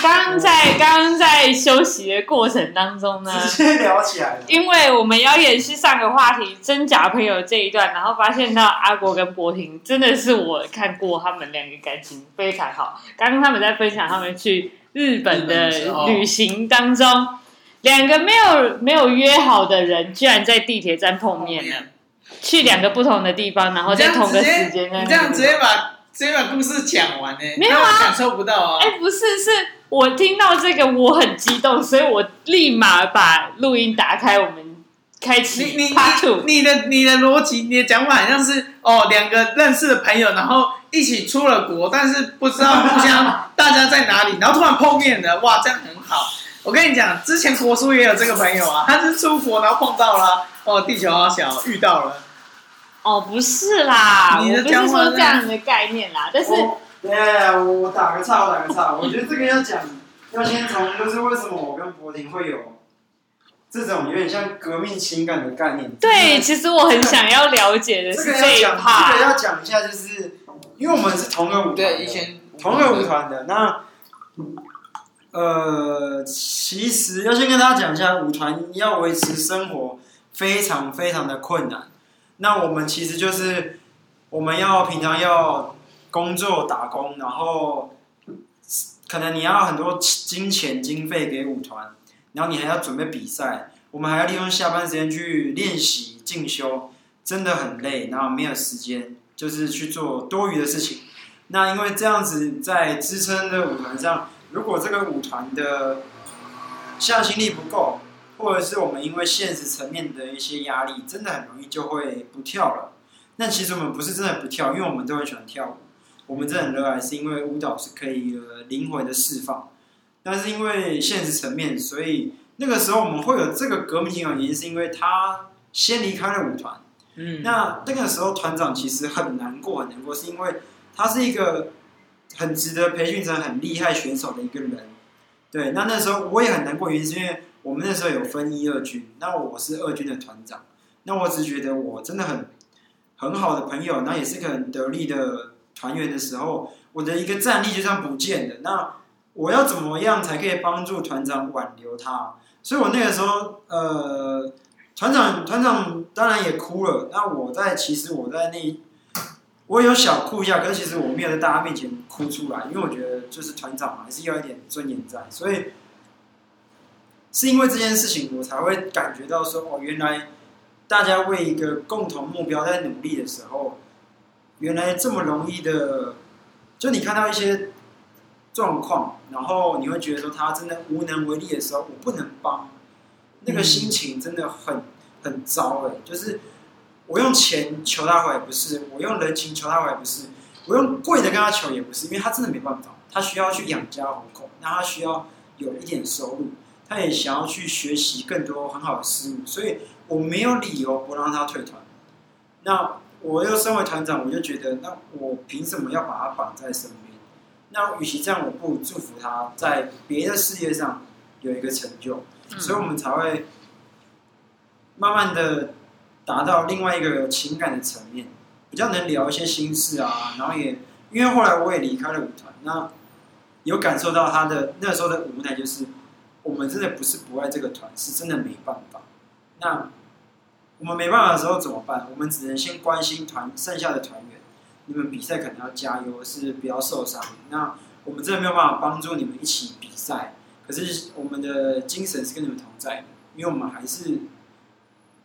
剛,剛在剛,剛在休息的過程當中呢，直接聊起來。因為我們要延續上個話題“真假朋友”這一段，然後發現到阿國跟博婷真的是我看過他們兩個感情非常好。剛剛他們在分享他們去日本的旅行當中，兩個沒有沒有約好的人居然在地鐵站碰面了。去兩個不同的地方，然後在同個時間你，你這樣直接把直接把故事講完呢、欸？沒有啊，感受不到啊。哎，欸、不是是。我聽到這個我很激動，所以我立馬把錄音打開，我們開啟。你你 Part two 你的你的邏輯，你的講法好像是哦，兩個認識的朋友，然後一起出了國，但是不知道互相 大家在哪裡，然後突然碰面了，哇，這樣很好。我跟你講，之前國書也有這個朋友啊，他是出國然後碰到了，啊，哦，地球好小，遇到了。哦，不是啦，你的講我不是說這樣的概念啦，啊，但是。對，我打個岔，我打個岔。我覺得這個要講，要先從就是為什麼我跟柏林會有這種有點像革命情感的概念。對，其實我很想要了解的是這一趴。這個要講一下，就是因為我們是同一個舞團，以前同一個舞團的。那呃，其實要先跟大家講一下，舞團要維持生活非常非常的困難。那我們其實就是我們要平常要。工作打工，然後可能你要很多金錢經費給舞團，然後你還要準備比賽，我們還要利用下班時間去練習進修，真的很累，然後沒有時間就是去做多餘的事情。那因為這樣子在支撐的舞團上，如果這個舞團的向心力不夠，或者是我們因為現實層面的一些壓力，真的很容易就會不跳了。那其實我們不是真的不跳，因為我們都很喜歡跳舞。 我們真的很熱愛，是因為舞蹈是可以靈魂、呃、的釋放。但是因為現實層面，所以那個時候我們會有這個革命性的原因，是因為他先離開了舞團。嗯，那那個時候團長其實很難過，很難過，是因為他是一個很值得培訓成很厲害選手的一個人。對，那那時候我也很難過，原因是因為我們那時候有分一、二軍，那我是二軍的團長，那我只覺得我真的很很好的朋友，那也是個很得力的。團員的時候，我的一個戰力就算不見了。那我要怎麼樣才可以幫助團長挽留他？所以，我那個時候，呃，團長團長當然也哭了。那我在其實我在那，我有小哭一下，可是其實我沒有在大家面前哭出來，因為我覺得就是團長嘛，還是要一點尊嚴在。所以，是因為這件事情，我才會感覺到說，哦，原來大家為一個共同目標在努力的時候。原來這麼容易的，就你看到一些狀況，然後你會覺得說，他真的無能為力的時候，我不能幫，那個心情真的很很糟哎。就是我用錢求他回也不是，我用人情求他回也不是，我用跪的跟他求也不是，因為他真的沒辦法，他需要去養家糊口，那他需要有一點收入，他也想要去學習更多很好的事物，所以我沒有理由不讓他退團。那。我又身為團長，我就覺得，那我憑什麼要把他綁在身邊？那與其這樣，我不如祝福他在別的事業上有一個成就。嗯、所以，我們才會慢慢的達到另外一個情感的層面，比較能聊一些心事啊。然後也因為後來我也離開了舞團，那有感受到他的那時候的舞台，就是我們真的不是不愛這個團，是真的沒辦法。我們沒辦法的時候怎麼辦？我們只能先關心團剩下的團員，你們比賽可能要加油，是不要受傷。那我們真的沒有辦法幫助你們一起比賽，可是我們的精神是跟你們同在的，因為我們還是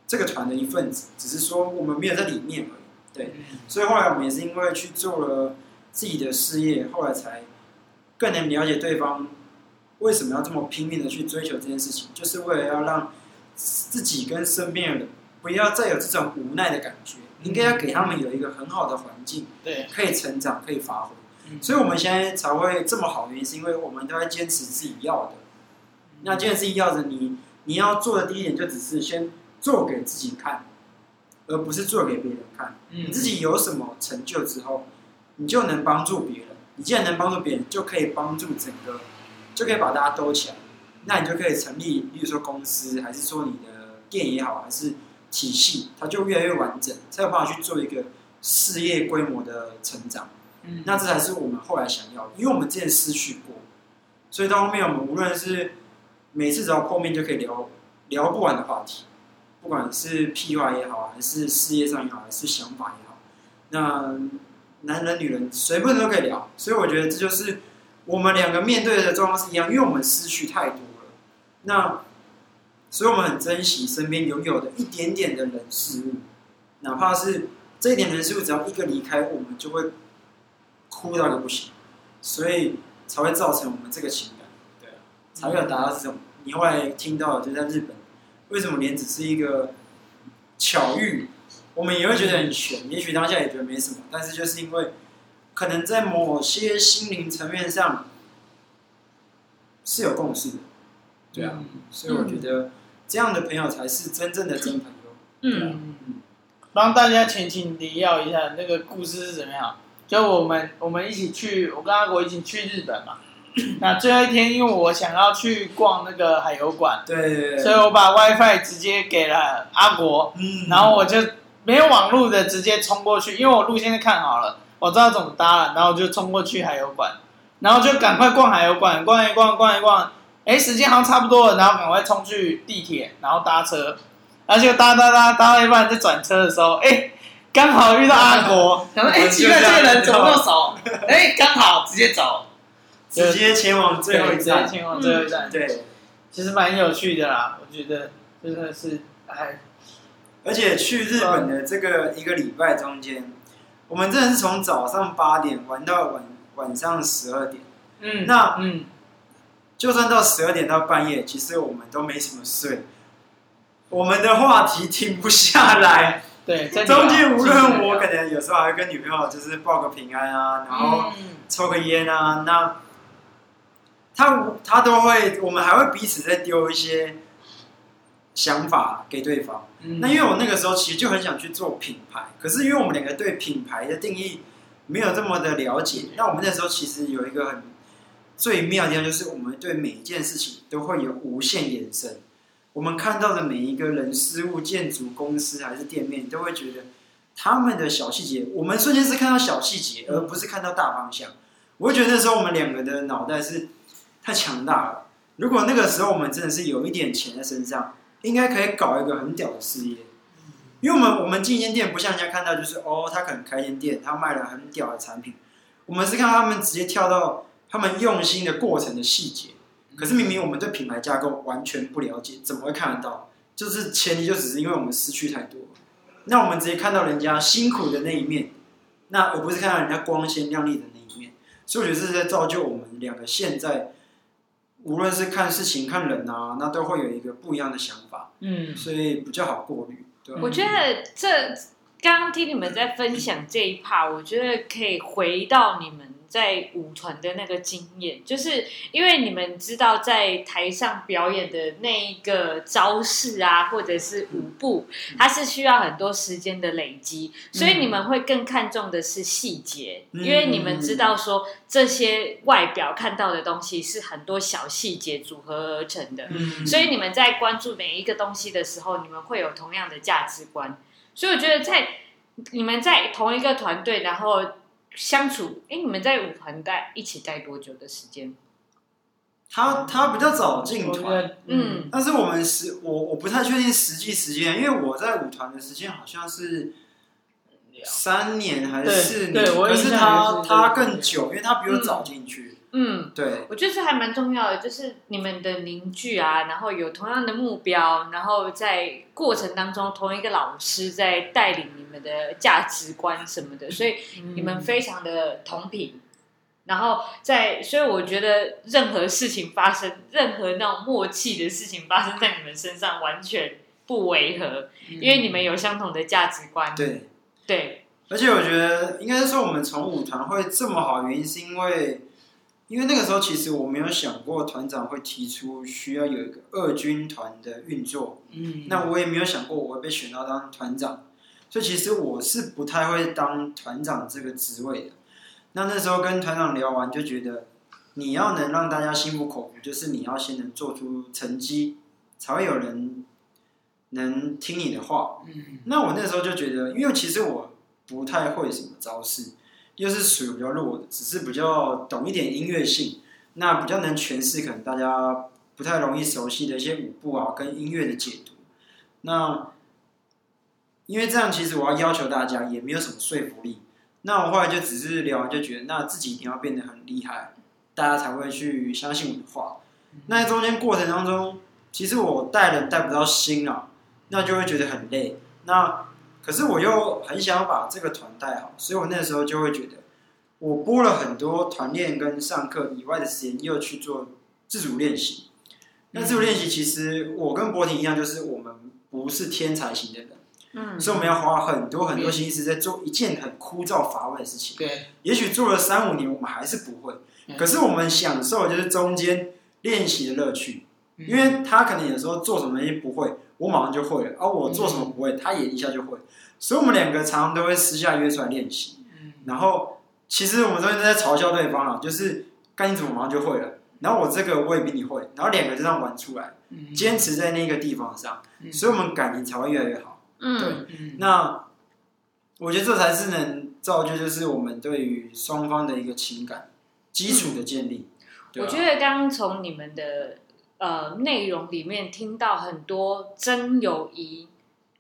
這個團的一份子，只是說我們沒有在裡面而已。對，所以後來我們也是因為去做了自己的事業，後來才更能了解對方為什麼要這麼拼命的去追求這件事情，就是為了要讓自己跟身邊的人。不要再有這種無奈的感覺，你應該要給他們有一個很好的環境，對，可以成長，可以發揮。嗯，所以我們現在才會這麼好，原因是因為我們都在堅持自己要的。那堅持自己要的，你你要做的第一點就只是先做給自己看，而不是做給別人看。嗯，你自己有什麼成就之後，你就能幫助別人。你既然能幫助別人，就可以幫助整個，就可以把大家兜起來。那你就可以成立，比如說公司，還是說你的店也好，還是。體系，它就越來越完整，才有辦法去做一個事業規模的成長。嗯，那這才是我們後來想要的，因為我們之前失去過，所以到後面我們無論是每次只要碰面就可以聊聊不完的話題，不管是屁話也好，還是事業上也好，還是想法也好，那男人女人隨便都可以聊。所以我覺得這就是我們兩個面對的狀況是一樣，因為我們失去太多了。那。所以，我們很珍惜身邊擁有的一點點的人事物，哪怕是這一點的人事物，只要一個離開，我們就會哭到的不行，所以才會造成我們這個情感，對，才會有達到這種。你後來聽到，就在日本，為什麼連只是一個巧遇，我們也會覺得很玄？嗯、也許當下也覺得沒什麼，但是就是因為可能在某些心靈層面上是有共識的，對啊、嗯，所以我覺得。嗯這樣的朋友才是真正的真朋友。嗯幫、嗯、大家前情提要一下，那個故事是怎麼樣？就我們我們一起去，我跟阿國一起去日本嘛。那最後一天，因為我想要去逛那個海遊館，對，對，所以我把 WiFi 直接給了阿國，嗯、然後我就沒有網路的直接衝過去，因為我路線是看好了，我知道怎麼搭了，然後就衝過去海遊館，然後就趕快逛海遊館，逛一逛，逛一逛。哎，時間好像差不多了，然後趕快衝去地鐵，然後搭車，然後就搭搭搭搭到一半，在轉車的時候，哎，剛好遇到阿國，想說，哎，奇怪，這個人怎麼那麼少，哎， 剛好直接走直接，直接前往最後一站，前往最後一站，對，對其實蠻有趣的啦，我覺得真的是哎，而且去日本的這個一個禮拜中間，我們真的是從早上八點玩到晚晚上十二點，嗯，那嗯。就算到十二點到半夜，其實我們都沒什麼睡，我們的話題停不下來。對，中間無論我可能有時候還會跟女朋友就是報個平安啊，然後抽個煙啊，嗯、那他他都會，我們還會彼此再丟一些想法給對方。嗯、那因為我那個時候其實就很想去做品牌，可是因為我們兩個對品牌的定義沒有這麼的了解，嗯、那我們那時候其實有一個很。最妙的地方就是，我們對每一件事情都會有無限延伸。我們看到的每一個人、事物、建築、公司還是店面，都會覺得他們的小細節。我們瞬間是看到小細節，而不是看到大方向。我會覺得那時候我們兩個的腦袋是太強大了。如果那個時候我們真的是有一點錢在身上，應該可以搞一個很屌的事業。因為我們我們進一間店，不像人家看到就是哦，他可能開一間店，他賣了很屌的產品。我們是看到他們直接跳到。他們用心的過程的細節，可是明明我們對品牌架構完全不了解，怎麼會看得到？就是前提就只是因為我們失去太多，那我們直接看到人家辛苦的那一面，那我不是看到人家光鮮亮麗的那一面，所以我覺得這是在造就我們兩個現在，無論是看事情看人啊，那都會有一個不一樣的想法，嗯，所以比較好過濾。對，我覺得這剛剛聽你們在分享這一趴，我覺得可以回到你們。在舞團的那個經驗，就是因為你們知道，在台上表演的那一個招式啊，或者是舞步，它是需要很多時間的累積，所以你們會更看重的是細節，嗯哼。因為你們知道說這些外表看到的東西是很多小細節組合而成的，嗯哼。所以你們在關注每一個東西的時候，你們會有同樣的價值觀，所以我覺得在你們在同一個團隊，然後。相處，誒、欸，你們在舞團待一起待多久的時間？他他比較早進團，嗯，但是我們實我我不太確定實際時間，因為我在舞團的時間好像是三年還是四年，對，對，可是他我他更久，因為他比我早進去。嗯嗯，對，我覺得這還蠻重要的，就是你們的凝聚啊，然後有同樣的目標，然後在過程當中同一個老師在帶領你們的價值觀什麼的，所以你們非常的同頻，嗯、然後在所以我覺得任何事情發生，任何那種默契的事情發生在你們身上，完全不違和，嗯、因為你們有相同的價值觀。對，對，而且我覺得應該說我們從舞團會這麼好，原因是因為。因為那個時候，其實我沒有想過團長會提出需要有一個二軍團的運作，嗯，那我也沒有想過我會被選到當團長，所以其實我是不太會當團長這個職位的。那那時候跟團長聊完，就覺得你要能讓大家心服口服，就是你要先能做出成績，才會有人能聽你的話。嗯，那我那時候就覺得，因為其實我不太會什麼招式。又是屬於比較弱的，只是比較懂一點音樂性，那比較能詮釋可能大家不太容易熟悉的一些舞步啊，跟音樂的解讀。那因為這樣，其實我要要求大家也沒有什麼說服力。那我後來就只是聊，就覺得那自己一定要變得很厲害，大家才會去相信我的話。那在中間過程當中，其實我帶人帶不到心啊，那就會覺得很累。那可是我又很想把這個團帶好，所以我那時候就會覺得，我撥了很多團練跟上課以外的時間，又去做自主練習。那自主練習其實我跟博婷一樣，就是我們不是天才型的人，嗯，所以我們要花很多很多心思在做一件很枯燥乏味的事情。對，也許做了三五年，我們還是不會。可是我們享受就是中間練習的樂趣，因為他可能有時候做什麼東西不會。我馬上就會了，而、啊、我做什麼不會，他也一下就會，嗯、所以我們兩個常常都會私下約出來練習。嗯、然後其實我們都在嘲笑對方了、啊，就是幹你怎麼馬上就會了，然後我這個我也比你會，然後兩個就這樣玩出來，堅、嗯、持在那個地方上，所以我們感情才會越來越好。嗯，對，嗯、那我覺得這才是能造就，就是我們對於雙方的一個情感基礎的建立。嗯對啊、我覺得剛從你們的。呃，內容裡面聽到很多純友誼，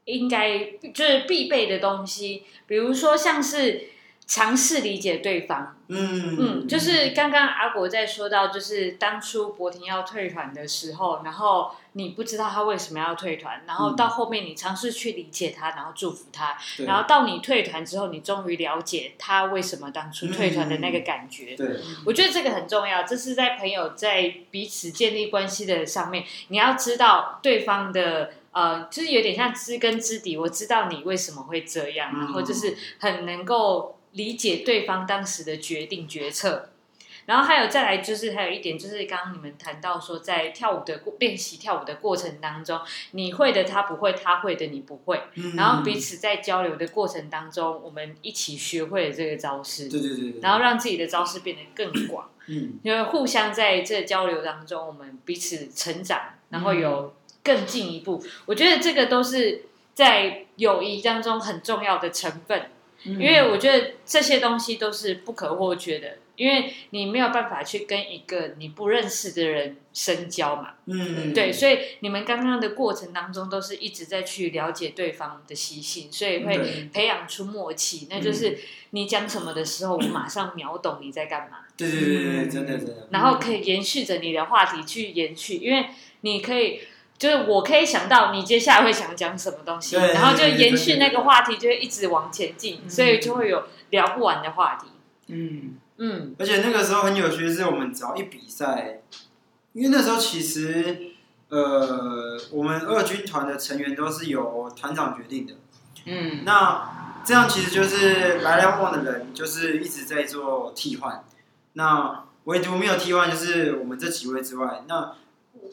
應該就是必備的東西，比如說像是。嘗試理解對方，嗯嗯，就是剛剛阿國在說到，就是當初博婷要退團的時候，然後你不知道他為什麼要退團，然後到後面你嘗試去理解他，然後祝福他，嗯、然後到你退團之後，你終於了解他為什麼當初退團的那個感覺。嗯、對，我覺得這個很重要，這是在朋友在彼此建立關係的上面，你要知道對方的呃，就是有點像知根知底，我知道你為什麼會這樣，然後就是很能夠。理解對方當時的決定決策，然後還有再來就是還有一點，就是剛剛你們談到說，在跳舞的練習跳舞的過程當中，你會的他不會，他會的你不會，然後彼此在交流的過程當中，我們一起學會了這個招式，對對對，然後讓自己的招式變得更廣，嗯，因為互相在這交流當中，我們彼此成長，然後有更進一步，我覺得這個都是在友誼當中很重要的成分。因為我覺得這些東西都是不可或缺的，因為你沒有辦法去跟一個你不認識的人深交嘛。嗯，對，所以你們剛剛的過程當中都是一直在去了解對方的習性，所以會培養出默契。嗯，那就是你講什麼的時候，我馬上秒懂你在幹嘛。嗯。對對對對，真的真的。然後可以延續着你的話題去延續，因為你可以。就是我可以想到你接下來會想講什麼東西，然後就延續那個話題，就會一直往前進，對對對對，所以就會有聊不完的話題。嗯嗯，嗯而且那個時候很有趣的是，我們只要一比賽，因為那時候其實呃，我們二軍團的成員都是由團長決定的。嗯，那這樣其實就是來來往往的人就是一直在做替換，那唯獨沒有替換就是我們這幾位之外，那。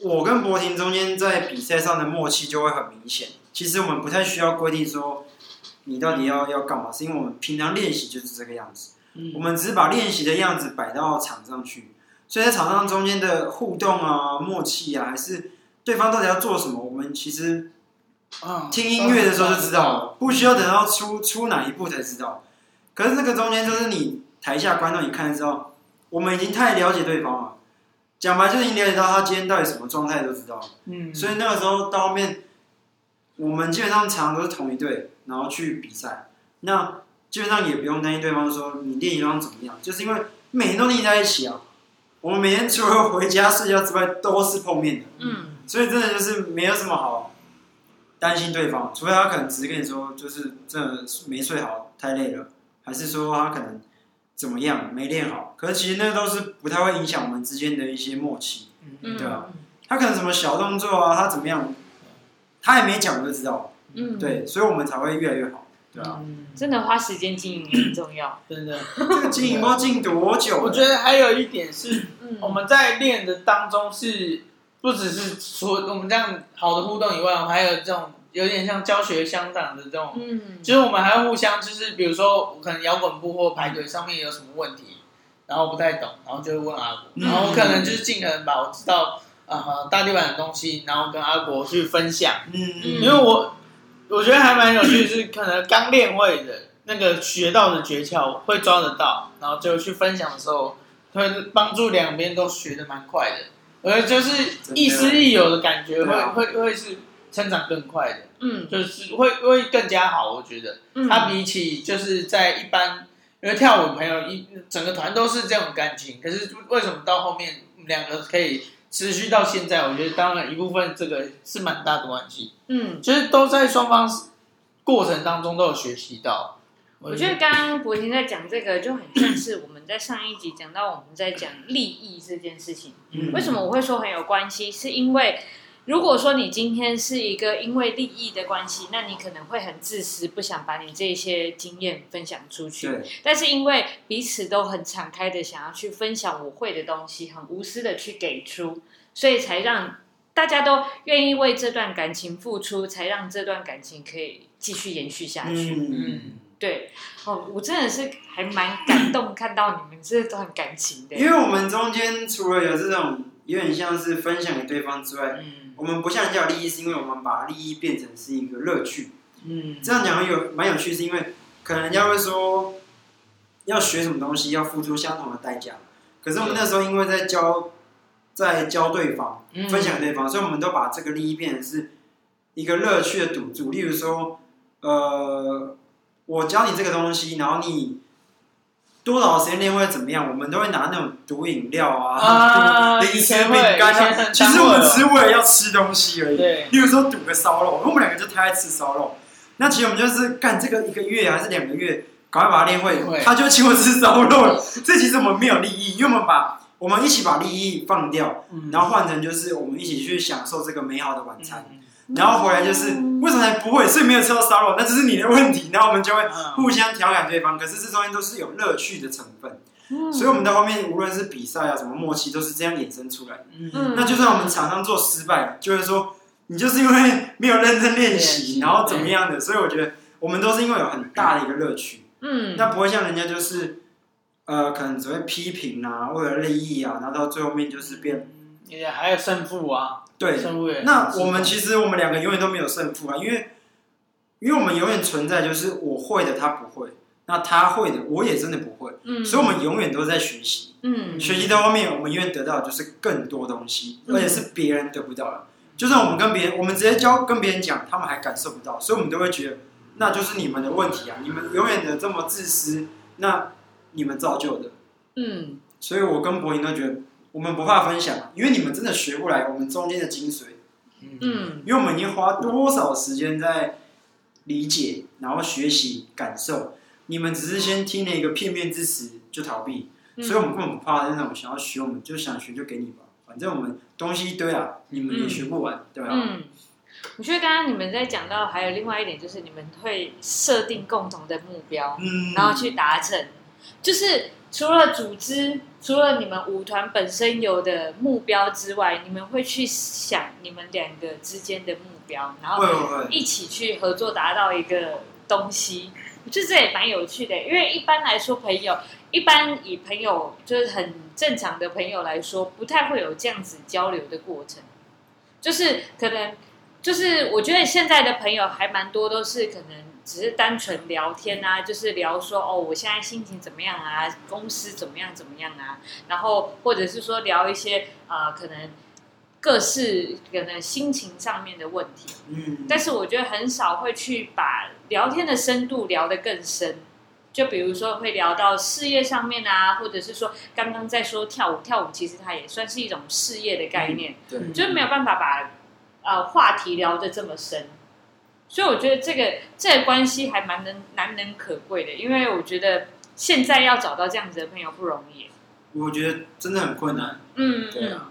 我跟博婷中間在比賽上的默契就會很明顯。其實我們不太需要規定說你到底要要幹嘛，是因為我們平常練習就是這個樣子。嗯，我們只是把練習的樣子擺到場上去，所以在場上中間的互動啊、默契啊，還是對方到底要做什麼，我們其實聽音樂的時候就知道了，不需要等到出出哪一步才知道。可是這個中間就是你台下觀眾，你看的時候，我們已經太了解對方了。講白就是你了解到他今天到底什麼狀態都知道，嗯，所以那個時候到後面，我們基本上常都是同一隊，然後去比賽，那基本上也不用擔心對方說你練一雙怎麼樣，就是因為每天都練在一起啊，我們每天除了回家睡覺之外都是碰面的，嗯，所以真的就是沒有什麼好擔心對方，除非他可能只是跟你說就是真的沒睡好太累了，還是說他可能怎麼樣沒練好。而其實那都是不太會影響我們之間的一些默契，嗯、對吧、啊？他可能什麼小動作啊，他怎麼樣，他還沒講我就知道，嗯，對，所以我們才會越來越好，對啊，嗯、真的花時間經營也很重要， 真的。 這個經營要經多久？我覺得還有一點是，我們在練的當中是不只是說我們這樣好的互動以外，我們還有這種有點像教學相長的這種，嗯，就是我們還要互相，就是比如說可能搖滾部或排隊上面有什麼問題。然後不太懂，然後就會問阿國。然後可能就是盡可能把，我知道，嗯呃、大地板的東西，然後跟阿國去分享。嗯嗯。嗯，因為我我覺得還蠻有趣，嗯、是可能剛練會的那個學到的訣竅會抓得到，然後就去分享的時候，會幫助兩邊都學的蠻快的。而就是亦師亦友的感覺會，嗯、會會會是成長更快的。嗯，就是會會更加好。我覺得，嗯、它比起就是在一般。因為跳舞朋友一整個團都是這種感情，可是為什麼到後面兩個可以持續到現在？我覺得當然一部分這個是蠻大的關係。嗯，其實都在雙方過程當中都有學習到。我覺得剛剛柏婷在講這個就很像是我們在上一集講到我們在講利益這件事情。嗯，為什麼我會說很有關係？是因為。如果說你今天是一個因為利益的關係，那你可能會很自私，不想把你這些經驗分享出去。對。但是因為彼此都很敞開的想要去分享我會的東西，很無私的去給出，所以才讓大家都願意為這段感情付出，才讓這段感情可以繼續延續下去。嗯，嗯，對。好，哦，我真的是還蠻感動，看到你們這段感情的。因為我們中間除了有這種。有點像是分享給對方之外，嗯、我們不像人家有利益，是因為我們把利益變成是一個樂趣。嗯、這樣講有蠻有趣，是因為可能人家會說要學什麼東西要付出相同的代價，可是我們那時候因為在教對在教對方，嗯、分享給對方，所以我們都把這個利益變成是一個樂趣的賭注。例如說，呃，我教你這個東西，然後你，多少的時間練會怎麼樣？我們都會拿那種毒飲料啊、零食、啊、會，其實我們只為了要吃東西而已。對例如說賭個燒肉，我們兩個就太愛吃燒肉。那其實我們就是幹這個一個月還是兩個月，趕快把它練會，對他就請我吃燒肉。對這其實我們沒有利益，因為我們把我們一起把利益放掉，嗯、然後換成就是我們一起去享受這個美好的晚餐。嗯然後回來就是為什麼還不會是沒有吃到沙漏。那只是你的問題。然後我們就會互相調侃對方，可是這中間都是有樂趣的成分。嗯、所以我們在後面無論是比賽啊，什麼默契都是這樣衍生出來的。嗯、那就算我們場上做失敗，就是說你就是因為沒有認真練習，然後怎麼樣的？所以我覺得我們都是因為有很大的一個樂趣。嗯，那不會像人家就是呃，可能只會批評啊，為了利益啊，然後到最後面就是變也還有勝負啊。對，那我們其實我們兩個永遠都沒有勝負啊，因為，因為我們永遠存在就是我會的他不會，那他會的我也真的不會，嗯，所以我們永遠都在學習，嗯，學習到後面我們永遠得到的就是更多東西，而且是別人得不到的。嗯、就算我們跟別人，我們直接教跟別人講，他們還感受不到，所以我們都會覺得那就是你們的問題啊，你們永遠的這麼自私，那你們造就的，嗯，所以我跟博盈都覺得。我們不怕分享，因為你們真的學不來我們中間的精髓。嗯，因為我們已經花多少時間在理解，然後學習、感受，你們只是先聽了一個片面之詞就逃避，嗯、所以我們根本不怕。那種想要學，我們就想學就給你吧，反正我們東西一堆啊，你們也學不完，嗯、對吧，啊？嗯，我覺得剛剛你們在講到還有另外一點，就是你們會設定共同的目標，嗯，然後去達成，就是。除了組織，除了你們舞團本身有的目標之外，你們會去想你們兩個之間的目標，然後一起去合作達到一個東西。我覺得這也蠻有趣的，因為一般來說朋友，一般以朋友，就是很正常的朋友來說，不太會有這樣子交流的過程。就是可能，就是我覺得現在的朋友還蠻多都是可能。只是單純聊天啊，就是聊說哦，我現在心情怎麼樣啊？公司怎麼樣怎麼樣啊？然後或者是說聊一些啊、呃，可能各式可能心情上面的問題。嗯，但是我覺得很少會去把聊天的深度聊得更深。就比如說會聊到事業上面啊，或者是說剛剛在說跳舞，跳舞其實它也算是一種事業的概念。對，就沒有辦法把、呃、話題聊得這麼深。所以我覺得這個這個關係還蠻難難能可貴的，因為我覺得現在要找到這樣子的朋友不容易。我覺得真的很困難。嗯，啊、嗯，對啊。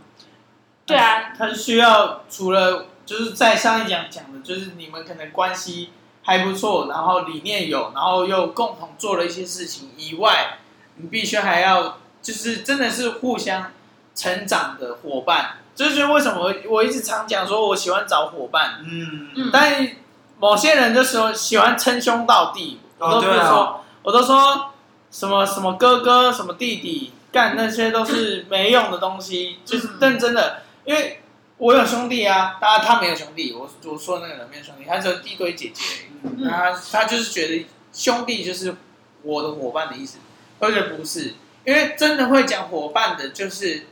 對啊，他是需要除了就是在上一講講的，就是你們可能關係還不錯，然後理念有，然後又共同做了一些事情以外，你必須還要就是真的是互相成長的夥伴。這就是為什麼我一直常講說我喜歡找夥伴。嗯嗯，但。某些人就說喜歡稱兄道弟，我都說，oh, 啊、我都說什麼什麼哥哥什麼弟弟，幹那些都是沒用的東西， 就是認真的，因為我有兄弟啊，當然他沒有兄弟，我我說那個人沒有兄弟，他只有一堆姐姐， 他他就是覺得兄弟就是我的伙伴的意思，或者不是，因為真的會講伙伴的，就是。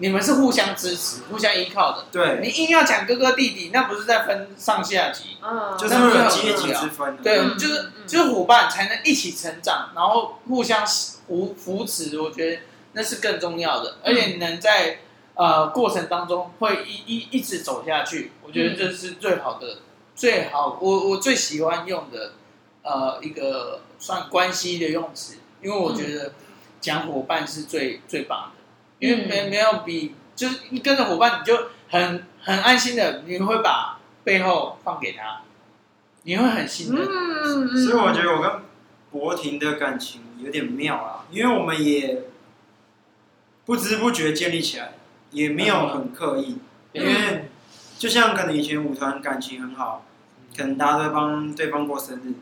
你們是互相支持、互相依靠的。對，你硬要講哥哥弟弟，那不是在分上下級，就、嗯、是沒有階級之分。嗯、對，我們就是就是夥伴才能一起成長，然後互相扶扶持，我覺得那是更重要的。而且能在、嗯、呃過程當中會一一一直走下去，我覺得這是最好的，嗯、最好我我最喜歡用的呃一個算關係的用詞，因為我覺得講夥伴是最最棒的。因為沒、嗯、沒有比就是跟着夥伴，你就很很安心的，你會把背後放給他，你會很信任。嗯、就所以我覺得我跟博婷的感情有點妙啊，因為我們也不知不覺建立起來，也沒有很刻意。嗯嗯、因為就像可能以前舞團感情很好，可能大家都幫對方過生日。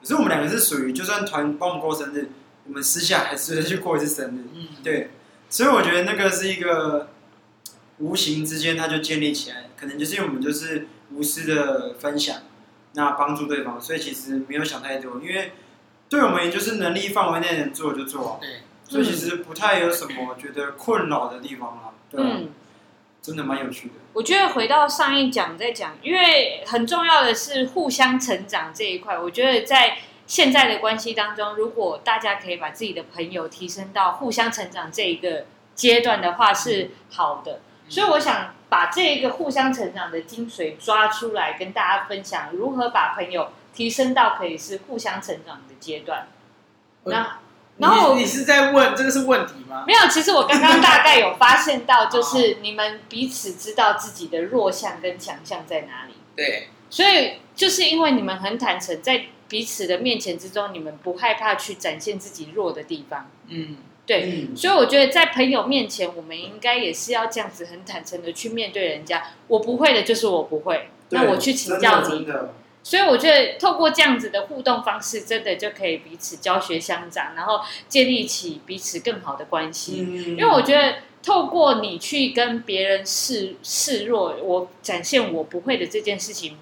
可是我們兩個是屬於就算團幫我們過生日，我們私下還是去過一次生日。嗯，對。所以我覺得那個是一個無形之間，它就建立起來，可能就是因為我們就是無私的分享，那幫助對方，所以其實沒有想太多，因為對我們也就是能力範圍內能做就做，對，所以其實不太有什麼覺得困擾的地方啊。嗯，對啊，真的蠻有趣的。我覺得回到上一講再講，因為很重要的是互相成長這一塊，我覺得在。現在的關係當中，如果大家可以把自己的朋友提升到互相成長這一個階段的話，是好的。嗯嗯、所以我想把這個互相成長的精髓抓出來，跟大家分享如何把朋友提升到可以是互相成長的階段。嗯、那然後你，你是在問這個是問題嗎？沒有，其實我剛剛大概有發現到，就是 你們彼此知道自己的弱項跟強項在哪裡。對，所以就是因為你們很坦誠，在。彼此的面前之中，你們不害怕去展現自己弱的地方。嗯，對，嗯、所以我覺得在朋友面前，我們應該也是要這樣子很坦誠的去面對人家。我不會的就是我不會，對那我去請教你。所以我覺得透過這樣子的互動方式，真的就可以彼此教學相長，然後建立起彼此更好的關係。嗯、因為我覺得透過你去跟別人示示弱，我展現我不會的這件事情。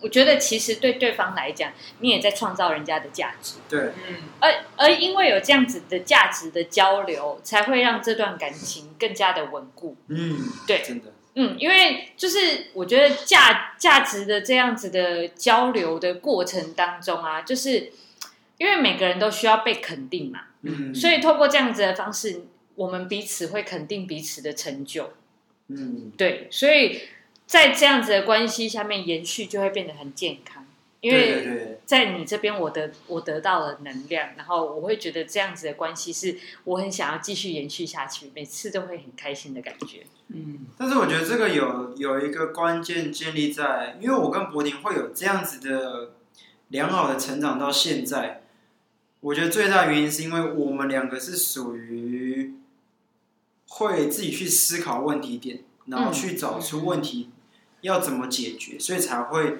我覺得其實對對方來講，你也在創造人家的價值。對，嗯。而而因為有這樣子的價值的交流，才會讓這段感情更加的穩固。嗯，對，真的。嗯，因為就是我覺得價價值的這樣子的交流的過程當中啊，就是因為每個人都需要被肯定嘛。嗯。所以透過這樣子的方式，我們彼此會肯定彼此的成就。嗯，對，所以。在這樣子的關係下面延續，就會變得很健康。因為，在你這邊，我得我得到了能量，然後我會覺得這樣子的關係是我很想要繼續延續下去，每次都會很開心的感覺。嗯，但是我覺得這個有有一個關鍵建立在，因為我跟柏婷會有這樣子的良好的成長到現在，我覺得最大原因是因為我們兩個是屬於會自己去思考問題點，然後去找出問題。嗯要怎麼解決，所以才會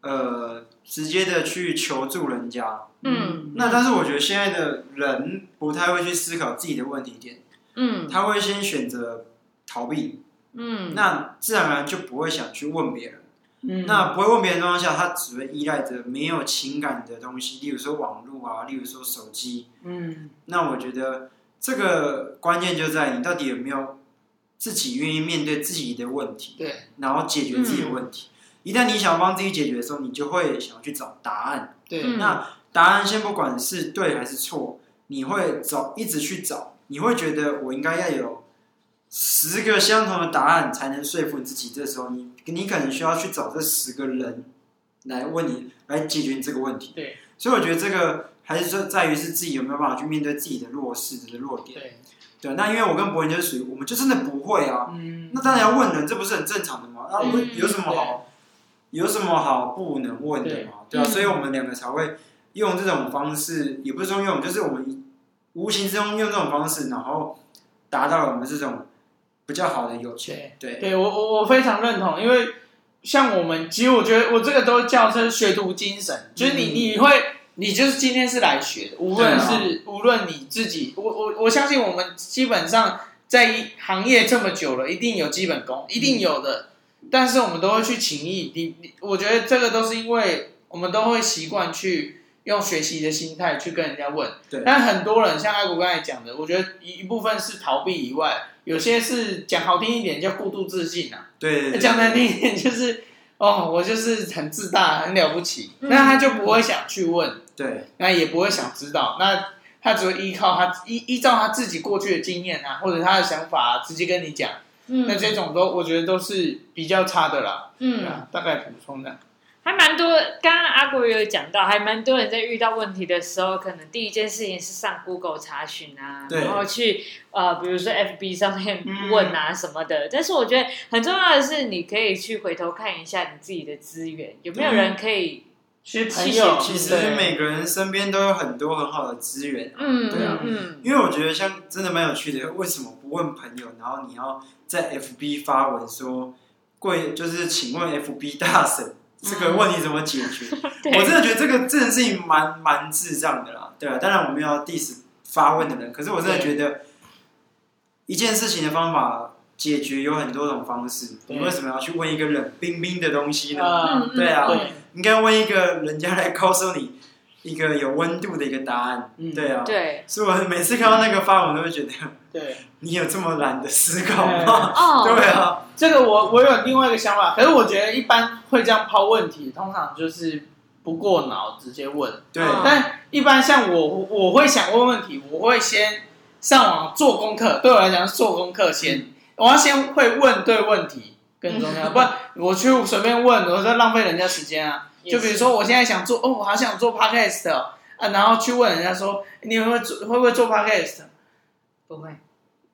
呃直接的去求助人家。嗯，那但是我覺得現在的人不太會去思考自己的問題點。嗯，他會先選擇逃避。嗯，那自然而然就不會想去問別人。嗯，那不會問別人情況下，他只會依賴着沒有情感的東西，例如說網絡啊，例如說手機。嗯，那我覺得這個關鍵就在你到底有沒有。自己願意面對自己的問題，對，然後解決自己的問題。嗯、一旦你想幫自己解決的時候，你就會想要去找答案。對，那答案先不管是對還是錯，你會找一直去找，你會覺得我應該要有十個相同的答案才能說服自己。這時候，你你可能需要去找這十個人來問你，來解決你這個問題。對，所以我覺得這個還是說在於是自己有沒有辦法去面對自己的弱勢，的、這個、弱點。對。對，那因為我跟博仁就是屬於，我們就真的不會啊。嗯、那當然要問人，這不是很正常的嗎？那、啊嗯、有什麼好對有什麼好不能問的嗎？對，對啊，嗯、所以我們兩個才會用這種方式，也不是說用，就是我們無形之中用這種方式，然後達到了我們這種比較好的友情。對，對，對我我我非常認同，因為像我們，其實我覺得我這個都叫做學徒精神，就是你、嗯、你會。你就是今天是來學的，無論是無論你自己，我我我相信我們基本上在一行業這麼久了，一定有基本功，一定有的。嗯、但是我們都會去請益，你你，我覺得這個都是因為我們都會習慣去用學習的心態去跟人家問。對。但很多人像阿國剛才講的，我覺得一部分是逃避以外，有些是講好聽一點叫過度自信啊。對，對，對。講難聽一點就是哦，我就是很自大、很了不起，嗯、那他就不會想去問。對，那也不會想知道，那他只會依靠他依依照他自己過去的經驗啊，或者他的想法、啊、直接跟你講，嗯、那這種都我覺得都是比較差的啦。嗯、啊，大概補充的，還蠻多。剛剛阿國有講到，還蠻多人在遇到問題的時候，可能第一件事情是上 Google 查詢啊，對然後去呃，比如說 FB 上面問啊什麼的。嗯、但是我覺得很重要的是，你可以去回頭看一下你自己的資源，有沒有人可以。去其實其實每個人身邊都有很多很好的資源，啊。嗯，對啊，嗯，因為我覺得像真的蠻有趣的，為什麼不問朋友？然後你要在 FB 發文說，貴就是請問 FB 大神，這個問題怎麼解決？嗯、我真的覺得這個這件事情蠻蠻智障的啦。對啊，當然我們要 diss 發問的人，可是我真的覺得對一件事情的方法解決有很多種方式，對我們為什麼要去問一個冷冰冰的東西呢？嗯、對啊。對應該問一個人家來告訴你一個有溫度的一個答案，嗯、對啊，對，所以我每次看到那個發文都會覺得，對，你有這麼懶的思考嗎？對，oh, 對啊，這個我我有另外一個想法，可是我覺得一般會這樣拋問題，通常就是不過腦直接問，對，oh, 但一般像我我會想問問題，我會先上網做功課，對，我來講是做功課先，嗯、我要先會問對問題。更重要，不然，我去隨便問，我在浪費人家時間啊。Yes. 就比如說，我現在想做，哦，我好想做 Podcast 啊，然後去問人家說，你會會不會做 Podcast？不會。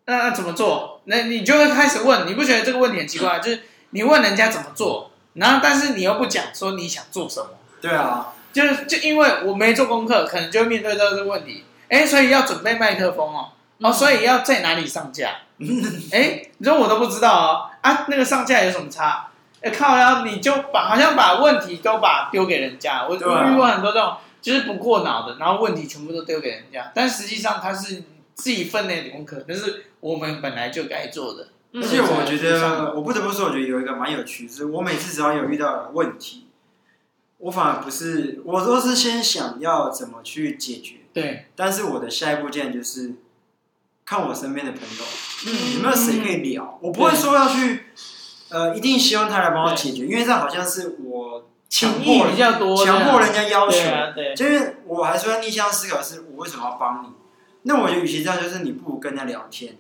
那、啊、那、啊、怎麼做？那你，你就會開始問，你不覺得這個問題很奇怪？就是你問人家怎麼做，然後但是你又不講說你想做什麼？對啊，啊就是就因為我沒做功課，可能就面對到這個問題，哎、欸，所以要準備麥克風哦。哦，oh, 所以要在哪裡上架？哎、 欸，你說我都不知道哦。啊，那個上架有什麼差？哎、欸，靠呀，你就把好像把問題都把丟給人家。啊、我遇到很多這種就是不過腦的，然後問題全部都丟給人家。但實際上，他是自己分內的功課，但、就是我們本來就該做的。嗯、的而且我覺得，我不得不說，我覺得有一個蠻有趣，就是我每次只要有遇到問題，我反而不是，我都是先想要怎麼去解決。對，但是我的下一步建議就是。看我身邊的朋友，嗯、有沒有誰可以聊？嗯嗯嗯、我不會說要去，對呃，一定希望他來幫我解決，對因為這樣好像是我強迫人，強、啊、迫人家要求。對、啊、對，就是我還是在逆向思考，是我為什麼要幫你？那我覺得，與其這樣，就是你不如跟他聊天。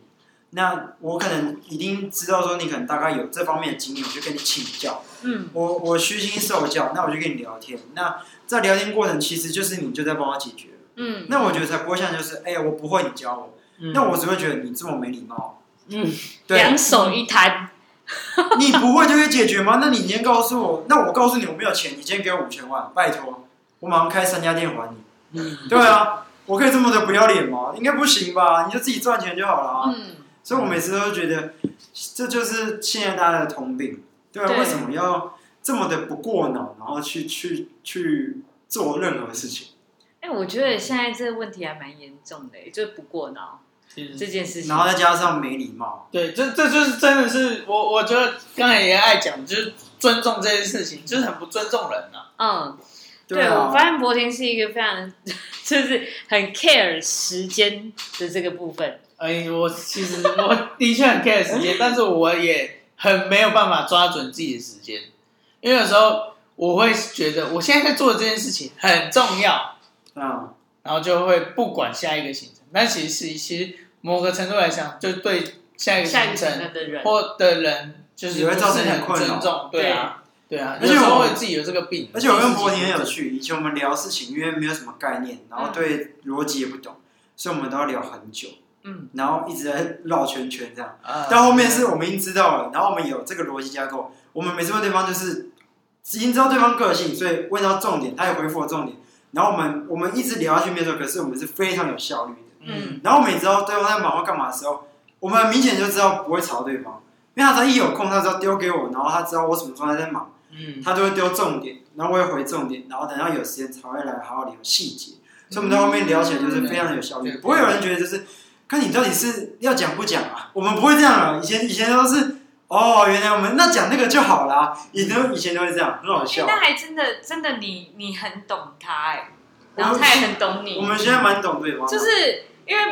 那我可能已經知道說，你可能大概有這方面的經驗，我就跟你請教。嗯，我我虛心受教，那我就跟你聊天。那在聊天過程，其實就是你就在幫我解決。嗯，那我覺得才不會像就是，哎、欸、呀，我不會，你教我。那我只會覺得你這麼沒禮貌。嗯，對兩手一攤， 你不會就會解決嗎？那你先告訴我，那我告訴你我沒有錢，你今天給我五千萬，拜托，我馬上開三家店還你。嗯，對啊， 我可以這麼的不要臉嗎？應該不行吧？你就自己賺錢就好了啊。嗯、所以我每次都覺得，嗯、這就是現在大家的通病，對啊？對，為什麼要這麼的不過腦，然後去去去做任何事情？哎、欸，我覺得現在這個問題還蠻嚴重的、欸，就是不過腦。其實這件事情，然後再加上沒禮貌，對，這這就是真的是我，我覺得剛才也愛講，就是尊重這件事情，就是很不尊重人啊，嗯，對，啊對，我發現博天是一個非常，就是很 care 時間的這個部分。哎，我其實我的確很 care 時間， 但是我也很沒有辦法抓準自己的時間，因為有時候我會覺得我現在在做的這件事情很重要。嗯。然後就會不管下一個行程，但其實其實某個程度來講，就對下一個行程或的人，的人就是也會造成很困擾，對啊，對啊。而且我因自己有這個病，而且我跟柏林很有趣，對以前我們聊事情，因為沒有什麼概念，然後對邏輯也不懂，所以我們都要聊很久，嗯，然後一直在繞圈圈這樣，到、嗯、後面是我們已經知道了，然後我們有這個邏輯架構，我們每次問對方就是已經知道對方個性，所以問到重點，他也回復了重點。然後我們我們一直聊下去，沒錯。可是我們是非常有效率的。嗯。然後我們也知道對方在忙或幹嘛的時候，我們明顯就知道不會吵對方，因為他只要一有空，他就丟給我，然後他知道我什麼時候在忙，嗯，他就會丟重點，然後我會回重點，然後等到有時間才會來好好聊細節。嗯，所以我們在外面聊起來就是非常有效率，嗯，不會有人覺得就是，看你到底是要講不講啊？我們不會這樣啊，以前以前都是。哦，oh, 原來我們那講那個就好了。你都以前都會這樣，很好笑、啊。那還真的真的你，你你很懂他哎、欸，然後他也很懂你。 我們現在蠻懂對方。就是因為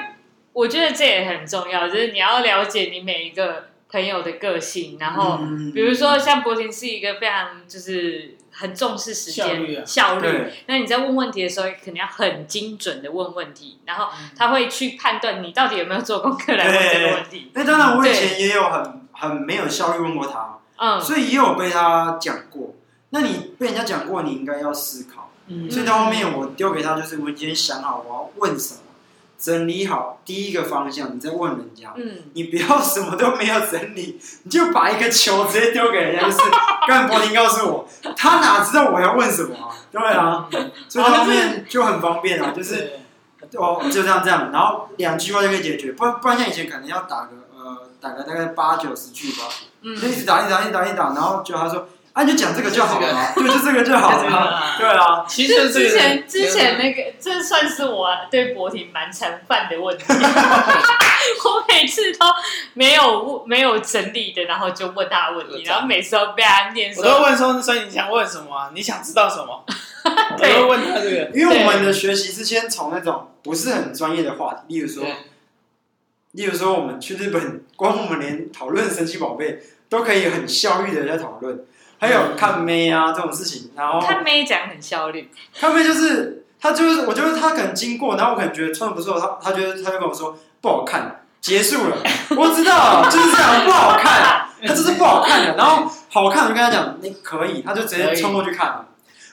我覺得這也很重要，就是你要了解你每一個朋友的個性。然後，比如說像柏婷是一個非常就是很重視時間效、啊、效率，對那你在問問題的時候，肯定要很精準的問問題。然後他會去判斷你到底有沒有做功課來問這個問題。對對對欸、當然我以前也有很。很沒有效率問過他，嗯、所以也有被他講過。那你被人家講過，你應該要思考。嗯、所以到後面我丟給他，就是我已經想好我要問什麼，整理好第一個方向，你再問人家。嗯，你不要什麼都沒有整理，你就把一個球直接丟給人家。就是干柏林告訴我， 他哪知道我要問什麼、啊？對啊，所以後面就很方便啊，就是哦就這樣這樣，然後兩句話就可以解決。不然不然像以前可能要打個。大概大概八九十句吧，就、嗯、一直打一直打一打一打，然後就他說，啊你就講這個就好了、嗯，就是這個，就，這個就好了，對、嗯、啊。對啦其實、就是、之前之前那個，這算是我對博婷蠻常犯的問題。 我每次都沒有沒有整理的，然後就問他問題，然後每次都被他念。我都會問說，所以你想問什麼、啊？你想知道什麼？ 對我都會問他這個，對因為我們的學習是先從那種不是很專業的話題，例如說。例如說，我們去日本，光我們連討論神奇寶貝都可以很效率的在討論，還有看妹啊這種事情。然後看妹講很效率，看妹就是他就是我覺得他可能經過，然後我可能覺得穿的不錯，他他覺得他就跟我說不好看，結束了。 我知道就是這樣不好看， 他就是不好看的。 然後好看我就跟他講你可以，他就直接衝過去看了。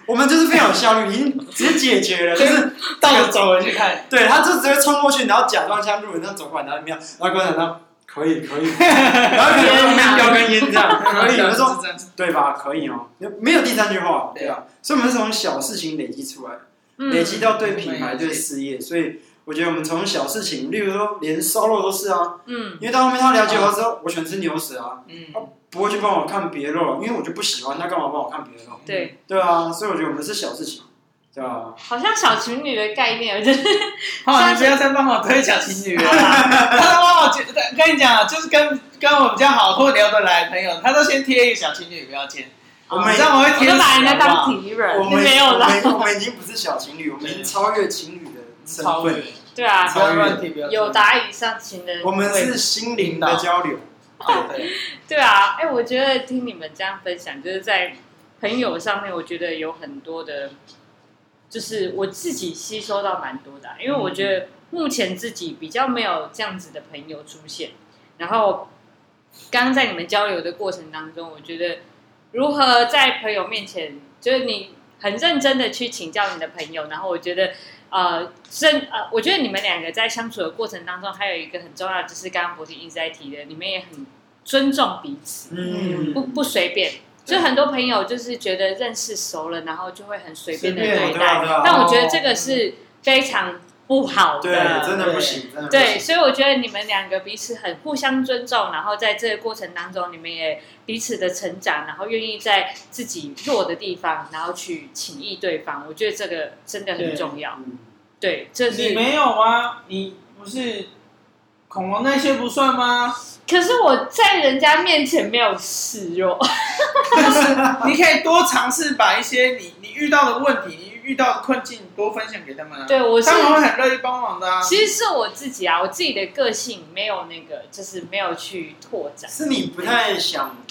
我們就是非常有效率，已經直接解決了，就是到走過去看，對，他就直接衝過去，然後假裝像路人一樣走過來，然後沒有，然後觀察到可以可以，然後直接點一根菸這樣，可以，我說對吧？可以哦，沒有第三句話，對吧，所以我們是從小事情累積出來，累積到對品牌對事業，所以。我覺得我們從小事情，例如說連燒肉都是啊，嗯，因為到後面他了解完之後，我喜歡吃牛舌啊，嗯，他不會去幫我看別肉，因為我就不喜歡，他幹嘛幫我看別的肉？對，對啊，所以我覺得我們是小事情，對吧？好像小情侶的概念，我覺得，千萬不要再幫我推小情侶了。他都幫我，我跟你講，就是跟跟我們家好或聊得來朋友，他都先貼一個小情侶標籤。我們這樣，我們把人家當敵人，我們沒有了，我們已經不是小情侶，我們已經超越情侶。超越原對啊，超原有答以上情的，我們是心靈的、啊、交流。對 對啊，哎，我覺得聽你們這樣分享，就是在朋友上面，我覺得有很多的，就是我自己吸收到蠻多的、啊。因為我覺得目前自己比較沒有這樣子的朋友出現。然後，剛剛在你們交流的過程當中，我覺得如何在朋友面前，就是你很認真的去請教你的朋友，然後我覺得。呃，真，呃，我覺得你們兩個在相處的過程當中，還有一個很重要的，就是剛剛柏婷一直在提的，你們也很尊重彼此，嗯，不不隨便。就很多朋友就是覺得認識熟了，然後就會很隨便的隨便對待。對對，但我覺得這個是非常。不好的對，真的不行，對，對，所以我覺得你們兩個彼此很互相尊重，然後在這個過程當中，你們也彼此的成長，然後願意在自己弱的地方，然後去請益對方。我覺得這個真的很重要。對，對，這是你沒有嗎？啊？你不是。恐龍那些不算嗎？可是我在人家面前沒有示弱。 你可以多嘗試把一些你你遇到的問題、你遇到的困境多分享給他們啊。對，我當然會很樂意幫忙的啊。其實是我自己啊，我自己的個性沒有那個，就是沒有去拓展。是你不太想。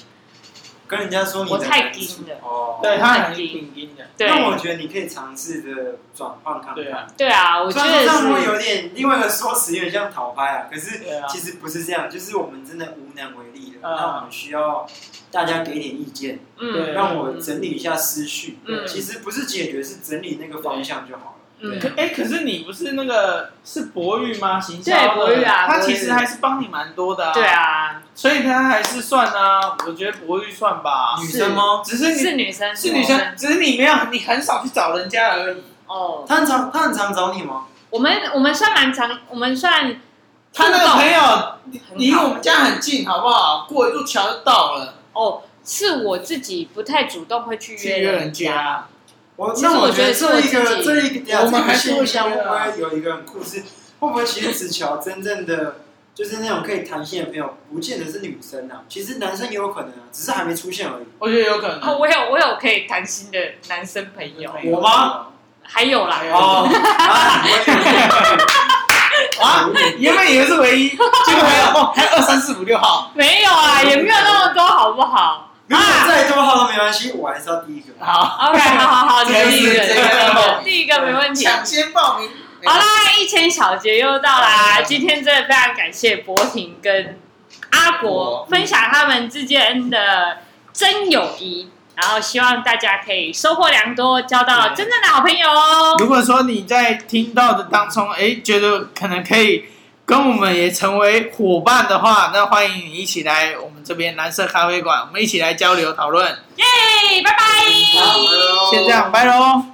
跟人家說你的哦，對他很硬硬的。但我覺得你可以嘗試著轉換看看。對啊，我覺得是。有點，另外一個說詞有點像討拍啊。可是其實不是這樣，就是我們真的無能為力了。那我們需要大家給點意見，嗯，讓我整理一下思緒。其實不是解決，是整理那個方向就好了。嗯，可，哎，可是你不是那個是博玉嗎？形象。對，博玉啊，他其實還是幫你蠻多的啊。對啊，所以他還是算啊，我覺得博玉算吧。女生嗎？只是你是女生，是女生，只是你沒有，你很少去找人家而已。哦，他很常，他很常找你嗎？我們我們算蠻常，我們算。他那個朋友離我們家很近，好不好？過一座橋就到了。哦，是我自己不太主動會去約人家。我，那我覺得這一個這一個我們還是會想問，有一個故事，會不會其實子喬真正的就是那種可以談心的朋友，不見得是女生吶，其實男生也有可能啊，只是還沒出現而已。我覺得有可能啊，我有我有可以談心的男生朋友，我嗎？還有啦，啊，原本以為是唯一，結果還有哦，還有二三四五六號，沒有啊，也沒有那麼多，好不好？再多好都沒關係，我還是要第一個。好，OK，好好好，第一個，第一個，第一個，沒問題。搶先報名。好啦，一千小節又到啦，今天真的非常感謝博婷跟阿國分享他們之間的純友誼，然後希望大家可以收穫良多，交到真正的好朋友哦。如果說你在聽到的當中，哎，覺得可能可以。跟我們也成為夥伴的話，那歡迎你一起來我們這邊藍色咖啡館，我們一起來交流討論。耶，拜拜，先，先這樣，拜嘍。